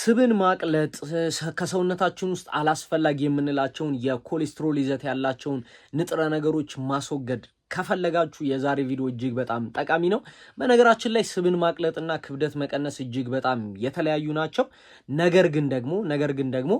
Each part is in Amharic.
ስብን ማቅለጥ ከሰውነታችን ውስጥ አላስፈላጊ የምንላቸውን የኮሌስትሮል ይዘት ያላቸውን ንጥረ ነገሮች ማስወገድ ከፈለጋችሁ የዛሬ ቪዲዮ እጅግ በጣም ጠቃሚ ነው። በነገራችን ላይ ስብን ማቅለጥና ክብደት መቀነስ እጅግ በጣም የተለያዩ ናቸው። ነገር ግን ደግሞ ነገር ግን ደግሞ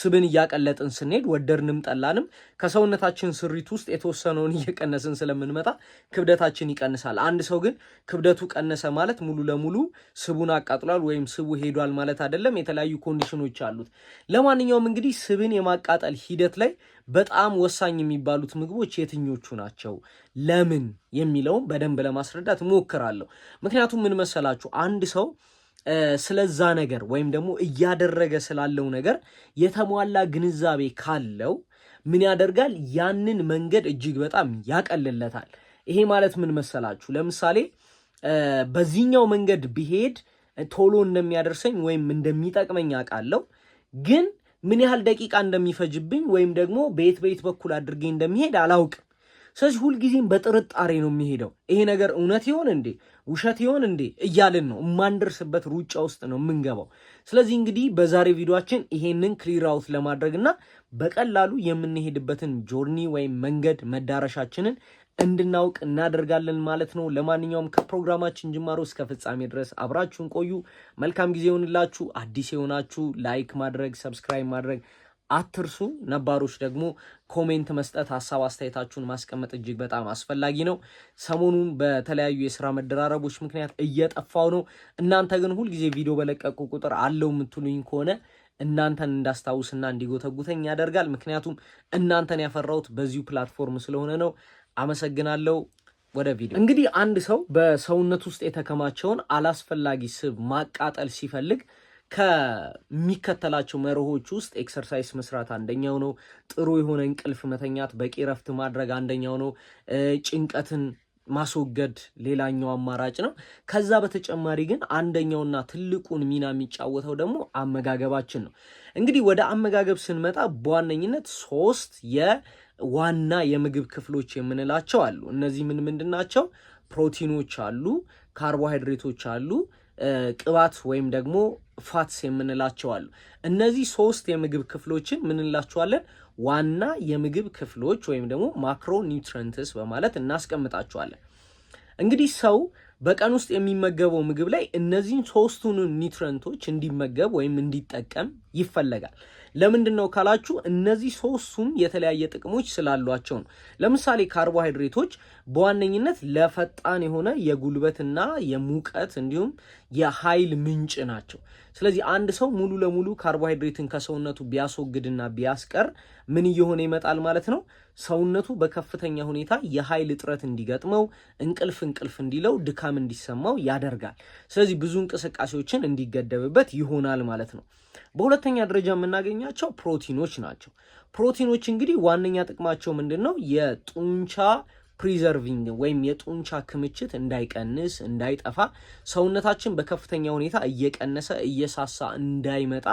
ስብን እያቀለጥን ስንሄድ ወደድንም ጠላንም ከሰውነታችን ስሪት ውስጥ የተወሰነውን እየቀነስን ስለምንመጣ ክብደታችን ይቀንሳል። አንድ ሰው ግን ክብደቱ ቀነሰ ማለት ሙሉ ለሙሉ ስቡን አቃጥሏል ወይም ስቡ ሄዷል ማለት አይደለም። የተለያዩ ኮንዲሽኖች አሉት። ለማንኛውም እንግዲህ ስብን የማቃጠል ሂደት ላይ በጣም ወሳኝ የሚባሉት ምግቦች የትኞቹ ናቸው፣ ለምን የሚለውም በደንብ ለማስረዳት እሞክራለሁ። ምክንያቱም ምን መሰላችሁ አንድ ሰው ስለዛ ነገር ወይም ደግሞ እያደረገ ስላለው ነገር የተሟላ ግንዛቤ ካለው ምን ያደርጋል? ያንን መንገድ እጅግ በጣም ያቀልለታል። ይሄ ማለት ምን መሰላችሁ ለምሳሌ በዚህኛው መንገድ ብሄድ ቶሎ እንደሚያደርሰኝ ወይም እንደሚጠቅመኝ አውቃለሁ ግን ምን ያህል ደቂቃ እንደሚፈጅብኝ ወይም ደግሞ በየት በየት በኩል አድርጌ እንደሚሄድ አላውቅም። ስለዚህ ሁልጊዜም በጥርጣሬ ነው የሚሄደው። ይሄ ነገር እውነት ይሆን እንዴ ውሸት ይሆን እንዴ እያልን ነው የማንደርስበት ሩጫ ውስጥ ነው የምንገባው። ስለዚህ እንግዲህ በዛሬ ቪዲዮችን ይሄንን ክሊር አውት ለማድረግ እና በቀላሉ የምንሄድበትን ጆርኒ ወይም መንገድ መዳረሻችንን እንድናውቅ እናደርጋለን ማለት ነው። ለማንኛውም ከፕሮግራማችን ጅማሮ እስከ ፍጻሜ ድረስ አብራችሁን ቆዩ። መልካም ጊዜ ይሆንላችሁ። አዲስ የሆናችሁ ላይክ ማድረግ፣ ሰብስክራይብ ማድረግ አትርሱ። ነባሮች ደግሞ ኮሜንት መስጠት፣ ሀሳብ አስተያየታችሁን ማስቀመጥ እጅግ በጣም አስፈላጊ ነው። ሰሞኑን በተለያዩ የስራ መደራረቦች ምክንያት እየጠፋው ነው። እናንተ ግን ሁልጊዜ ቪዲዮ በለቀቁ ቁጥር አለው የምትሉኝ ከሆነ እናንተን እንዳስታውስና እንዲጎተጉተኝ ያደርጋል። ምክንያቱም እናንተን ያፈራሁት በዚሁ ፕላትፎርም ስለሆነ ነው። አመሰግናለሁ። ወደ ቪዲዮ እንግዲህ አንድ ሰው በሰውነት ውስጥ የተከማቸውን አላስፈላጊ ስብ ማቃጠል ሲፈልግ ከሚከተላቸው መርሆች ውስጥ ኤክሰርሳይዝ መስራት አንደኛው ነው። ጥሩ የሆነ እንቅልፍ መተኛት፣ በቂ ረፍት ማድረግ አንደኛው ነው። ጭንቀትን ማስወገድ ሌላኛው አማራጭ ነው። ከዛ በተጨማሪ ግን አንደኛውና ትልቁን ሚና የሚጫወተው ደግሞ አመጋገባችን ነው። እንግዲህ ወደ አመጋገብ ስንመጣ በዋነኝነት ሶስት የዋና የምግብ ክፍሎች የምንላቸው አሉ። እነዚህ ምን ምንድን ናቸው? ፕሮቲኖች አሉ፣ ካርቦሃይድሬቶች አሉ፣ ቅባት ወይም ደግሞ ፋትስ የምንላቸው አሉ። እነዚህ ሶስት የምግብ ክፍሎችን ምን እንላቸዋለን? ዋና የምግብ ክፍሎች ወይም ደግሞ ማክሮ ኒውትረንትስ በማለት እናስቀምጣቸዋለን። እንግዲህ ሰው በቀን ውስጥ የሚመገበው ምግብ ላይ እነዚህን ሶስቱን ኒውትረንቶች እንዲመገብ ወይም እንዲጠቀም ይፈለጋል። ለምንድን ነው ካላችሁ እነዚህ ሶስቱም የተለያየ ጥቅሞች ስላሏቸው ነው። ለምሳሌ ካርቦሃይድሬቶች በዋነኝነት ለፈጣን የሆነ የጉልበትና የሙቀት እንዲሁም የኃይል ምንጭ ናቸው። ስለዚህ አንድ ሰው ሙሉ ለሙሉ ካርቦሃይድሬትን ከሰውነቱ ቢያስወግድና ቢያስቀር ምን እየሆነ ይመጣል ማለት ነው? ሰውነቱ በከፍተኛ ሁኔታ የኃይል እጥረት እንዲገጥመው፣ እንቅልፍ እንቅልፍ እንዲለው፣ ድካም እንዲሰማው ያደርጋል። ስለዚህ ብዙ እንቅስቃሴዎችን እንዲገደብበት ይሆናል ማለት ነው። በሁለተኛ ደረጃ የምናገኛቸው ፕሮቲኖች ናቸው። ፕሮቲኖች እንግዲህ ዋነኛ ጥቅማቸው ምንድን ነው? የጡንቻ ፕሪዘርቪንግ ወይም የጡንቻ ክምችት እንዳይቀንስ እንዳይጠፋ ሰውነታችን በከፍተኛ ሁኔታ እየቀነሰ እየሳሳ እንዳይመጣ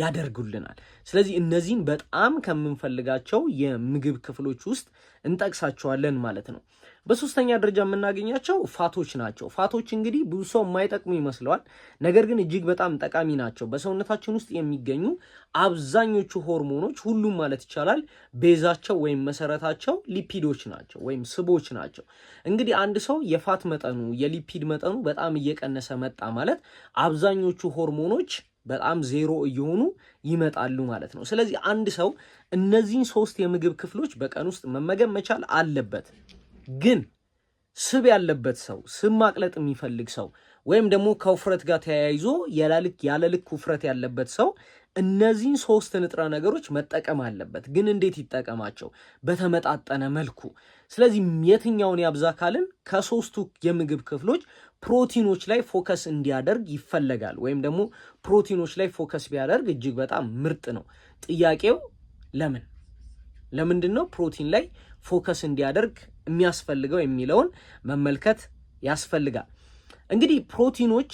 ያደርጉልናል። ስለዚህ እነዚህን በጣም ከምንፈልጋቸው የምግብ ክፍሎች ውስጥ እንጠቅሳቸዋለን ማለት ነው። በሶስተኛ ደረጃ የምናገኛቸው ፋቶች ናቸው። ፋቶች እንግዲህ ብዙ ሰው የማይጠቅሙ ይመስለዋል፣ ነገር ግን እጅግ በጣም ጠቃሚ ናቸው። በሰውነታችን ውስጥ የሚገኙ አብዛኞቹ ሆርሞኖች ሁሉም ማለት ይቻላል ቤዛቸው ወይም መሰረታቸው ሊፒዶች ናቸው ወይም ስቦች ናቸው። እንግዲህ አንድ ሰው የፋት መጠኑ የሊፒድ መጠኑ በጣም እየቀነሰ መጣ ማለት አብዛኞቹ ሆርሞኖች በጣም ዜሮ እየሆኑ ይመጣሉ ማለት ነው። ስለዚህ አንድ ሰው እነዚህን ሶስት የምግብ ክፍሎች በቀን ውስጥ መመገብ መቻል አለበት። ግን ስብ ያለበት ሰው ስብ ማቅለጥ የሚፈልግ ሰው ወይም ደግሞ ከውፍረት ጋር ተያይዞ ያለ ያለልክ ውፍረት ያለበት ሰው እነዚህን ሶስት ንጥረ ነገሮች መጠቀም አለበት። ግን እንዴት ይጠቀማቸው? በተመጣጠነ መልኩ። ስለዚህ የትኛውን ያብዛ ካልን ከሶስቱ የምግብ ክፍሎች ፕሮቲኖች ላይ ፎከስ እንዲያደርግ ይፈለጋል። ወይም ደግሞ ፕሮቲኖች ላይ ፎከስ ቢያደርግ እጅግ በጣም ምርጥ ነው። ጥያቄው ለምን ለምንድን ነው ፕሮቲን ላይ ፎከስ እንዲያደርግ የሚያስፈልገው የሚለውን መመልከት ያስፈልጋል። እንግዲህ ፕሮቲኖች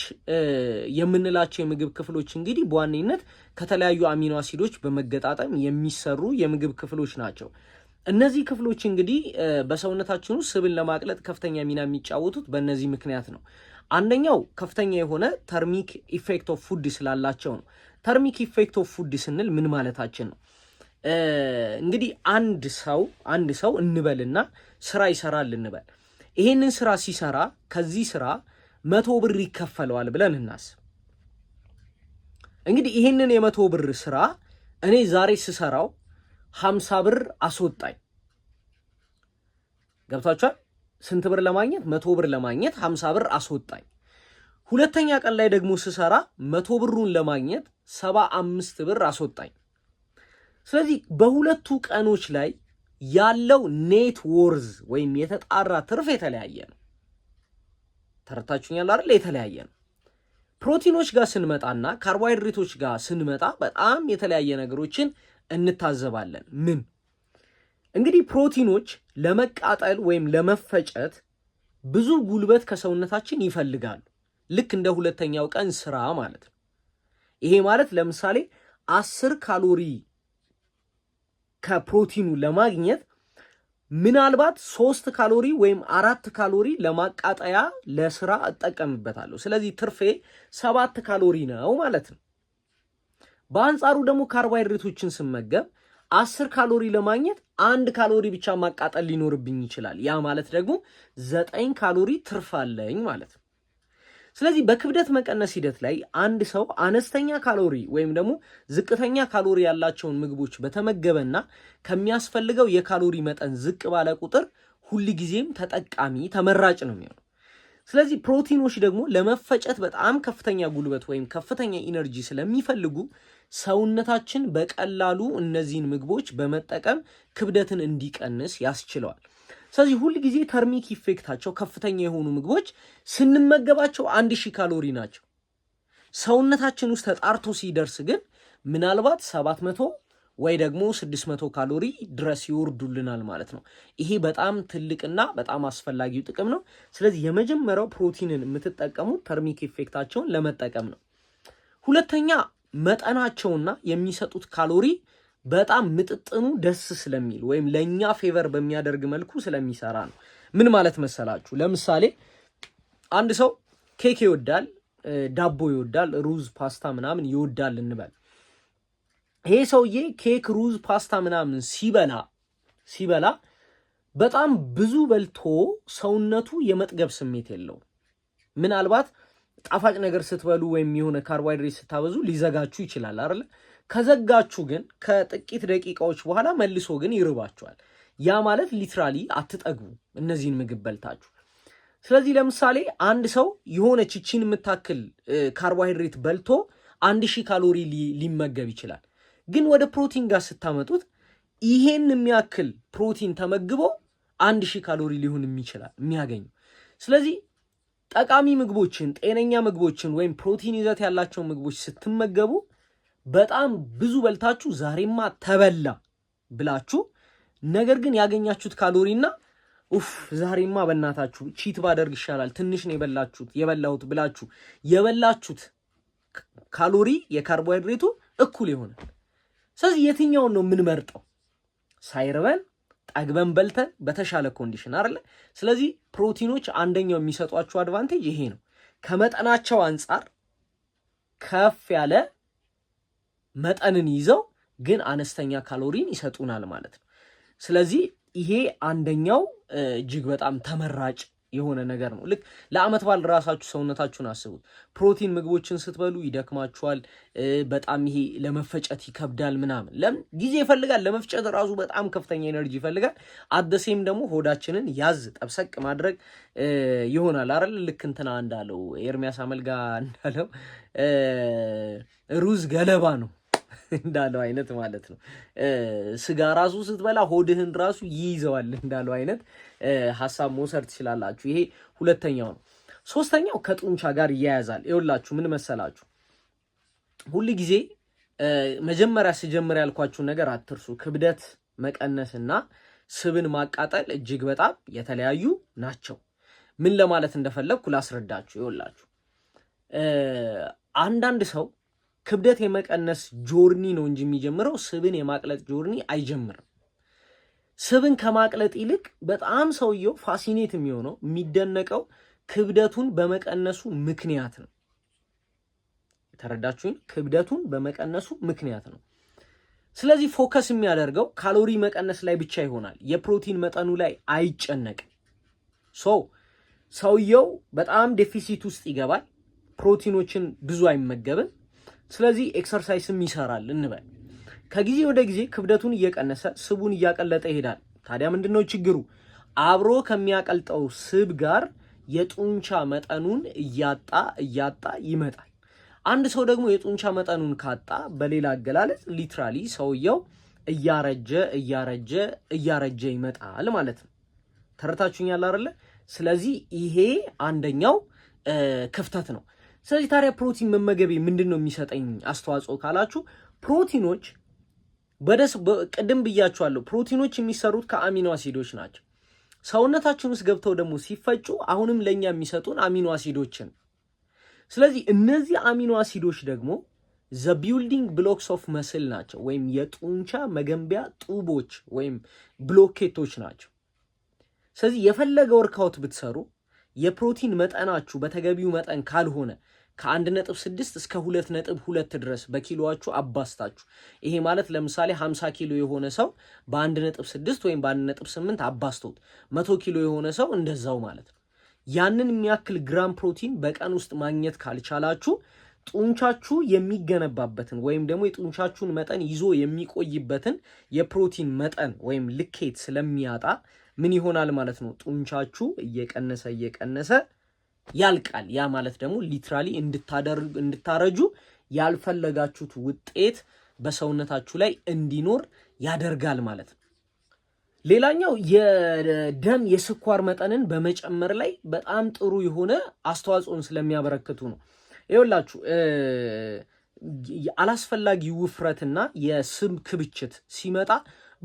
የምንላቸው የምግብ ክፍሎች እንግዲህ በዋነኝነት ከተለያዩ አሚኖ አሲዶች በመገጣጠም የሚሰሩ የምግብ ክፍሎች ናቸው። እነዚህ ክፍሎች እንግዲህ በሰውነታችን ውስጥ ስብን ለማቅለጥ ከፍተኛ ሚና የሚጫወቱት በእነዚህ ምክንያት ነው። አንደኛው ከፍተኛ የሆነ ተርሚክ ኢፌክት ኦፍ ፉድ ስላላቸው ነው። ተርሚክ ኢፌክት ኦፍ ፉድ ስንል ምን ማለታችን ነው? እንግዲህ አንድ ሰው አንድ ሰው እንበልና ስራ ይሰራል እንበል። ይሄንን ስራ ሲሰራ ከዚህ ስራ መቶ ብር ይከፈለዋል ብለን እናስብ። እንግዲህ ይሄንን የመቶ ብር ስራ እኔ ዛሬ ስሰራው ሀምሳ ብር አስወጣኝ። ገብታችኋል? ስንት ብር ለማግኘት መቶ ብር ለማግኘት ሀምሳ ብር አስወጣኝ። ሁለተኛ ቀን ላይ ደግሞ ስሰራ መቶ ብሩን ለማግኘት ሰባ አምስት ብር አስወጣኝ። ስለዚህ በሁለቱ ቀኖች ላይ ያለው ኔት ወርዝ ወይም የተጣራ ትርፍ የተለያየ ነው። ተረታችሁኛል አይደል? የተለያየ ነው። ፕሮቲኖች ጋር ስንመጣና ካርቦሃይድሬቶች ጋር ስንመጣ በጣም የተለያየ ነገሮችን እንታዘባለን። ምን እንግዲህ ፕሮቲኖች ለመቃጠል ወይም ለመፈጨት ብዙ ጉልበት ከሰውነታችን ይፈልጋሉ። ልክ እንደ ሁለተኛው ቀን ስራ ማለት ነው። ይሄ ማለት ለምሳሌ አስር ካሎሪ ከፕሮቲኑ ለማግኘት ምናልባት ሶስት ካሎሪ ወይም አራት ካሎሪ ለማቃጠያ ለስራ እጠቀምበታለሁ። ስለዚህ ትርፌ ሰባት ካሎሪ ነው ማለት ነው። በአንጻሩ ደግሞ ካርቦሃይድሬቶችን ስመገብ አስር ካሎሪ ለማግኘት አንድ ካሎሪ ብቻ ማቃጠል ሊኖርብኝ ይችላል። ያ ማለት ደግሞ ዘጠኝ ካሎሪ ትርፍ አለኝ ማለት ነው። ስለዚህ በክብደት መቀነስ ሂደት ላይ አንድ ሰው አነስተኛ ካሎሪ ወይም ደግሞ ዝቅተኛ ካሎሪ ያላቸውን ምግቦች በተመገበና ከሚያስፈልገው የካሎሪ መጠን ዝቅ ባለ ቁጥር ጊዜም ተጠቃሚ ተመራጭ ነው የሚሆነው። ስለዚህ ፕሮቲኖች ደግሞ ለመፈጨት በጣም ከፍተኛ ጉልበት ወይም ከፍተኛ ኢነርጂ ስለሚፈልጉ ሰውነታችን በቀላሉ እነዚህን ምግቦች በመጠቀም ክብደትን እንዲቀንስ ያስችለዋል። ስለዚህ ሁል ጊዜ ተርሚክ ኢፌክታቸው ከፍተኛ የሆኑ ምግቦች ስንመገባቸው አንድ ሺህ ካሎሪ ናቸው። ሰውነታችን ውስጥ ተጣርቶ ሲደርስ ግን ምናልባት ሰባት መቶ ወይ ደግሞ 600 ካሎሪ ድረስ ይወርዱልናል ማለት ነው። ይሄ በጣም ትልቅና በጣም አስፈላጊው ጥቅም ነው። ስለዚህ የመጀመሪያው ፕሮቲንን የምትጠቀሙት ተርሚክ ኢፌክታቸውን ለመጠቀም ነው። ሁለተኛ መጠናቸውና የሚሰጡት ካሎሪ በጣም ምጥጥኑ ደስ ስለሚል ወይም ለእኛ ፌቨር በሚያደርግ መልኩ ስለሚሰራ ነው። ምን ማለት መሰላችሁ? ለምሳሌ አንድ ሰው ኬክ ይወዳል፣ ዳቦ ይወዳል፣ ሩዝ፣ ፓስታ ምናምን ይወዳል እንበል። ይሄ ሰውዬ ኬክ፣ ሩዝ፣ ፓስታ ምናምን ሲበላ ሲበላ በጣም ብዙ በልቶ ሰውነቱ የመጥገብ ስሜት የለው። ምናልባት ጣፋጭ ነገር ስትበሉ ወይም የሆነ ካርቦሃይድሬት ስታበዙ ሊዘጋችሁ ይችላል አይደለ? ከዘጋችሁ ግን ከጥቂት ደቂቃዎች በኋላ መልሶ ግን ይርባችኋል። ያ ማለት ሊትራሊ አትጠግቡ እነዚህን ምግብ በልታችሁ። ስለዚህ ለምሳሌ አንድ ሰው የሆነች ይቺን የምታክል ካርቦሃይድሬት በልቶ አንድ ሺህ ካሎሪ ሊመገብ ይችላል። ግን ወደ ፕሮቲን ጋር ስታመጡት ይሄን የሚያክል ፕሮቲን ተመግቦ አንድ ሺህ ካሎሪ ሊሆን ይችላል የሚያገኙ። ስለዚህ ጠቃሚ ምግቦችን፣ ጤነኛ ምግቦችን ወይም ፕሮቲን ይዘት ያላቸውን ምግቦች ስትመገቡ በጣም ብዙ በልታችሁ ዛሬማ ተበላ ብላችሁ ነገር ግን ያገኛችሁት ካሎሪና ኡፍ ዛሬማ በእናታችሁ ቺት ባደርግ ይሻላል ትንሽ ነው የበላችሁት የበላሁት ብላችሁ የበላችሁት ካሎሪ የካርቦሃይድሬቱ እኩል ይሆናል። ስለዚህ የትኛውን ነው የምንመርጠው? ሳይርበን ጠግበን በልተን በተሻለ ኮንዲሽን አይደለ? ስለዚህ ፕሮቲኖች አንደኛው የሚሰጧችሁ አድቫንቴጅ ይሄ ነው። ከመጠናቸው አንጻር ከፍ ያለ መጠንን ይዘው ግን አነስተኛ ካሎሪን ይሰጡናል ማለት ነው። ስለዚህ ይሄ አንደኛው እጅግ በጣም ተመራጭ የሆነ ነገር ነው። ልክ ለአመት በዓል ራሳችሁ ሰውነታችሁን አስቡት። ፕሮቲን ምግቦችን ስትበሉ ይደክማችኋል፣ በጣም ይሄ ለመፈጨት ይከብዳል ምናምን። ለምን ጊዜ ይፈልጋል ለመፍጨት ራሱ በጣም ከፍተኛ ኤነርጂ ይፈልጋል። አደሴም ደግሞ ሆዳችንን ያዝ ጠብሰቅ ማድረግ ይሆናል አይደል? ልክ እንትና እንዳለው ኤርሚያስ አመልጋ እንዳለው ሩዝ ገለባ ነው እንዳለው አይነት ማለት ነው። ስጋ ራሱ ስትበላ ሆድህን ራሱ ይይዘዋል እንዳለው አይነት ሀሳብ መውሰድ ትችላላችሁ። ይሄ ሁለተኛው ነው። ሶስተኛው ከጡንቻ ጋር ይያያዛል። ይኸውላችሁ ምን መሰላችሁ፣ ሁል ጊዜ መጀመሪያ ስጀምር ያልኳችሁን ነገር አትርሱ። ክብደት መቀነስና ስብን ማቃጠል እጅግ በጣም የተለያዩ ናቸው። ምን ለማለት እንደፈለግኩ ላስረዳችሁ። ይኸውላችሁ አንዳንድ ሰው ክብደት የመቀነስ ጆርኒ ነው እንጂ የሚጀምረው ስብን የማቅለጥ ጆርኒ አይጀምርም። ስብን ከማቅለጥ ይልቅ በጣም ሰውየው ፋሲኔት የሚሆነው የሚደነቀው ክብደቱን በመቀነሱ ምክንያት ነው። የተረዳችሁኝ? ክብደቱን በመቀነሱ ምክንያት ነው። ስለዚህ ፎከስ የሚያደርገው ካሎሪ መቀነስ ላይ ብቻ ይሆናል። የፕሮቲን መጠኑ ላይ አይጨነቅም። ሶ ሰውየው በጣም ዴፊሲት ውስጥ ይገባል። ፕሮቲኖችን ብዙ አይመገብም። ስለዚህ ኤክሰርሳይስም ይሰራል እንበል። ከጊዜ ወደ ጊዜ ክብደቱን እየቀነሰ ስቡን እያቀለጠ ይሄዳል። ታዲያ ምንድን ነው ችግሩ? አብሮ ከሚያቀልጠው ስብ ጋር የጡንቻ መጠኑን እያጣ እያጣ ይመጣል። አንድ ሰው ደግሞ የጡንቻ መጠኑን ካጣ፣ በሌላ አገላለጽ ሊትራሊ ሰውየው እያረጀ እያረጀ እያረጀ ይመጣል ማለት ነው። ተረታችሁኛል አይደለ? ስለዚህ ይሄ አንደኛው ክፍተት ነው። ስለዚህ ታዲያ ፕሮቲን መመገቤ ምንድን ነው የሚሰጠኝ አስተዋጽኦ ካላችሁ ፕሮቲኖች በደስ ቅድም ብያችኋለሁ። ፕሮቲኖች የሚሰሩት ከአሚኖ አሲዶች ናቸው። ሰውነታችን ውስጥ ገብተው ደግሞ ሲፈጩ አሁንም ለእኛ የሚሰጡን አሚኖ አሲዶችን። ስለዚህ እነዚህ አሚኖ አሲዶች ደግሞ ዘ ቢልዲንግ ብሎክስ ኦፍ መስል ናቸው፣ ወይም የጡንቻ መገንቢያ ጡቦች ወይም ብሎኬቶች ናቸው። ስለዚህ የፈለገ ወርካውት ብትሰሩ የፕሮቲን መጠናችሁ በተገቢው መጠን ካልሆነ ከአንድ ነጥብ ስድስት እስከ ሁለት ነጥብ ሁለት ድረስ በኪሎዋችሁ አባስታችሁ። ይሄ ማለት ለምሳሌ ሀምሳ ኪሎ የሆነ ሰው በአንድ ነጥብ ስድስት ወይም በአንድ ነጥብ ስምንት አባስቶት መቶ ኪሎ የሆነ ሰው እንደዛው ማለት ነው። ያንን የሚያክል ግራም ፕሮቲን በቀን ውስጥ ማግኘት ካልቻላችሁ ጡንቻችሁ የሚገነባበትን ወይም ደግሞ የጡንቻችሁን መጠን ይዞ የሚቆይበትን የፕሮቲን መጠን ወይም ልኬት ስለሚያጣ ምን ይሆናል ማለት ነው? ጡንቻችሁ እየቀነሰ እየቀነሰ ያልቃል። ያ ማለት ደግሞ ሊትራሊ እንድታረጁ ያልፈለጋችሁት ውጤት በሰውነታችሁ ላይ እንዲኖር ያደርጋል ማለት ነው። ሌላኛው የደም የስኳር መጠንን በመጨመር ላይ በጣም ጥሩ የሆነ አስተዋጽኦን ስለሚያበረክቱ ነው። ይኸውላችሁ አላስፈላጊ ውፍረትና የስብ ክብችት ሲመጣ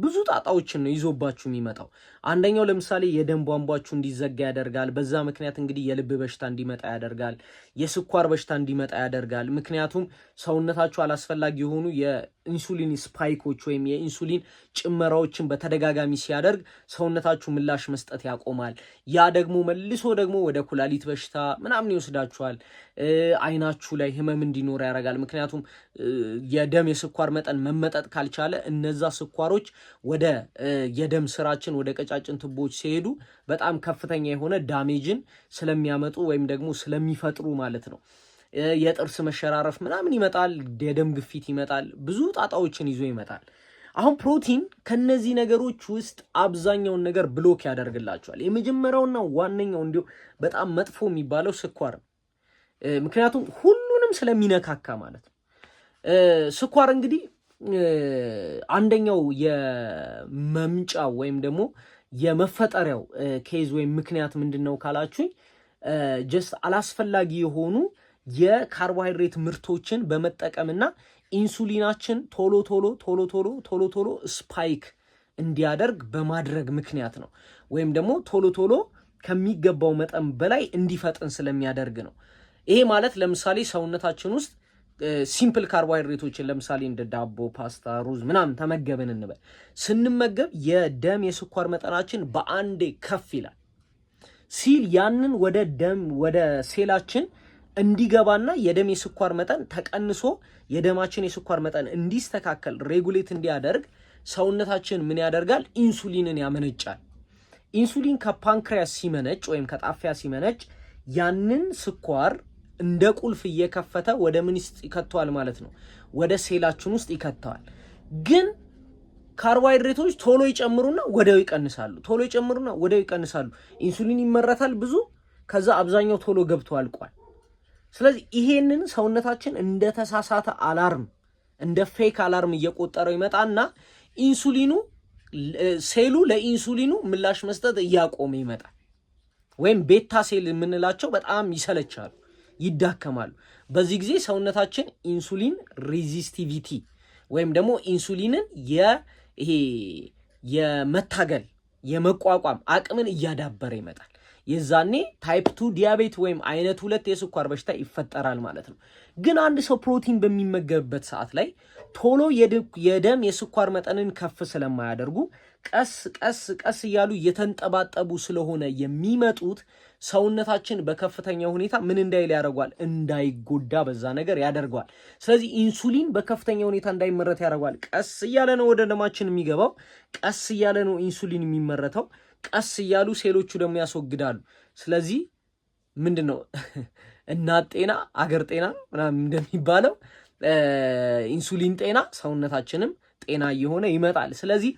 ብዙ ጣጣዎችን ነው ይዞባችሁ የሚመጣው። አንደኛው ለምሳሌ የደም ቧንቧችሁ እንዲዘጋ ያደርጋል። በዛ ምክንያት እንግዲህ የልብ በሽታ እንዲመጣ ያደርጋል። የስኳር በሽታ እንዲመጣ ያደርጋል። ምክንያቱም ሰውነታችሁ አላስፈላጊ የሆኑ የኢንሱሊን ስፓይኮች ወይም የኢንሱሊን ጭመራዎችን በተደጋጋሚ ሲያደርግ ሰውነታችሁ ምላሽ መስጠት ያቆማል። ያ ደግሞ መልሶ ደግሞ ወደ ኩላሊት በሽታ ምናምን ይወስዳችኋል። አይናችሁ ላይ ህመም እንዲኖር ያደርጋል። ምክንያቱም የደም የስኳር መጠን መመጠጥ ካልቻለ እነዛ ስኳሮች ወደ የደም ስራችን ወደ ቀጫጭን ትቦች ሲሄዱ በጣም ከፍተኛ የሆነ ዳሜጅን ስለሚያመጡ ወይም ደግሞ ስለሚፈጥሩ ማለት ነው። የጥርስ መሸራረፍ ምናምን ይመጣል፣ የደም ግፊት ይመጣል፣ ብዙ ጣጣዎችን ይዞ ይመጣል። አሁን ፕሮቲን ከነዚህ ነገሮች ውስጥ አብዛኛውን ነገር ብሎክ ያደርግላቸዋል። የመጀመሪያውና ዋነኛው እንዲሁ በጣም መጥፎ የሚባለው ስኳር ነው። ምክንያቱም ሁሉንም ስለሚነካካ ማለት ነው። ስኳር እንግዲህ አንደኛው የመምጫ ወይም ደግሞ የመፈጠሪያው ኬዝ ወይም ምክንያት ምንድን ነው ካላችሁኝ ጀስት አላስፈላጊ የሆኑ የካርቦሃይድሬት ምርቶችን በመጠቀምና ኢንሱሊናችን ቶሎ ቶሎ ቶሎ ቶሎ ቶሎ ቶሎ ስፓይክ እንዲያደርግ በማድረግ ምክንያት ነው። ወይም ደግሞ ቶሎ ቶሎ ከሚገባው መጠን በላይ እንዲፈጥን ስለሚያደርግ ነው። ይሄ ማለት ለምሳሌ ሰውነታችን ውስጥ ሲምፕል ካርቦሃይድሬቶችን ለምሳሌ እንደ ዳቦ፣ ፓስታ፣ ሩዝ ምናምን ተመገብን እንበል። ስንመገብ የደም የስኳር መጠናችን በአንዴ ከፍ ይላል ሲል ያንን ወደ ደም ወደ ሴላችን እንዲገባና የደም የስኳር መጠን ተቀንሶ የደማችን የስኳር መጠን እንዲስተካከል ሬጉሌት እንዲያደርግ ሰውነታችን ምን ያደርጋል? ኢንሱሊንን ያመነጫል። ኢንሱሊን ከፓንክሪያስ ሲመነጭ ወይም ከጣፊያ ሲመነጭ ያንን ስኳር እንደ ቁልፍ እየከፈተ ወደ ምን ውስጥ ይከተዋል ማለት ነው? ወደ ሴላችን ውስጥ ይከተዋል። ግን ካርቦሃይድሬቶች ቶሎ ይጨምሩና ወደው ይቀንሳሉ፣ ቶሎ ይጨምሩና ወደው ይቀንሳሉ። ኢንሱሊን ይመረታል ብዙ፣ ከዛ አብዛኛው ቶሎ ገብቶ አልቋል። ስለዚህ ይሄንን ሰውነታችን እንደ ተሳሳተ አላርም፣ እንደ ፌክ አላርም እየቆጠረው ይመጣና ኢንሱሊኑ ሴሉ ለኢንሱሊኑ ምላሽ መስጠት እያቆመ ይመጣል። ወይም ቤታ ሴል የምንላቸው በጣም ይሰለቻሉ። ይዳከማሉ። በዚህ ጊዜ ሰውነታችን ኢንሱሊን ሬዚስቲቪቲ ወይም ደግሞ ኢንሱሊንን ይሄ የመታገል የመቋቋም አቅምን እያዳበረ ይመጣል። የዛኔ ታይፕ ቱ ዲያቤት ወይም አይነት ሁለት የስኳር በሽታ ይፈጠራል ማለት ነው። ግን አንድ ሰው ፕሮቲን በሚመገብበት ሰዓት ላይ ቶሎ የደም የስኳር መጠንን ከፍ ስለማያደርጉ ቀስ ቀስ ቀስ እያሉ እየተንጠባጠቡ ስለሆነ የሚመጡት ሰውነታችን በከፍተኛ ሁኔታ ምን እንዳይል ያደርጓል? እንዳይጎዳ በዛ ነገር ያደርገዋል። ስለዚህ ኢንሱሊን በከፍተኛ ሁኔታ እንዳይመረት ያደርጓል። ቀስ እያለ ነው ወደ ደማችን የሚገባው፣ ቀስ እያለ ነው ኢንሱሊን የሚመረተው፣ ቀስ እያሉ ሴሎቹ ደግሞ ያስወግዳሉ። ስለዚህ ምንድን ነው እናት ጤና አገር ጤና ምናምን እንደሚባለው ኢንሱሊን ጤና ሰውነታችንም ጤና እየሆነ ይመጣል። ስለዚህ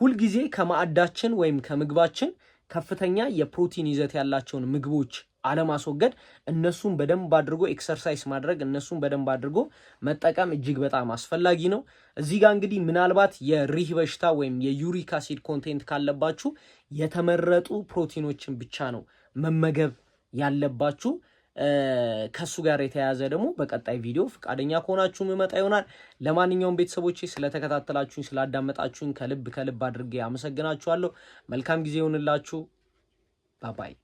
ሁልጊዜ ከማዕዳችን ወይም ከምግባችን ከፍተኛ የፕሮቲን ይዘት ያላቸውን ምግቦች አለማስወገድ እነሱን በደንብ አድርጎ ኤክሰርሳይስ ማድረግ እነሱን በደንብ አድርጎ መጠቀም እጅግ በጣም አስፈላጊ ነው። እዚህ ጋር እንግዲህ ምናልባት የሪህ በሽታ ወይም የዩሪክ አሲድ ኮንቴንት ካለባችሁ የተመረጡ ፕሮቲኖችን ብቻ ነው መመገብ ያለባችሁ። ከሱ ጋር የተያያዘ ደግሞ በቀጣይ ቪዲዮ ፈቃደኛ ከሆናችሁ መመጣ ይሆናል። ለማንኛውም ቤተሰቦቼ ስለተከታተላችሁኝ፣ ስላዳመጣችሁኝ ከልብ ከልብ አድርጌ አመሰግናችኋለሁ። መልካም ጊዜ ይሆንላችሁ። ባባይ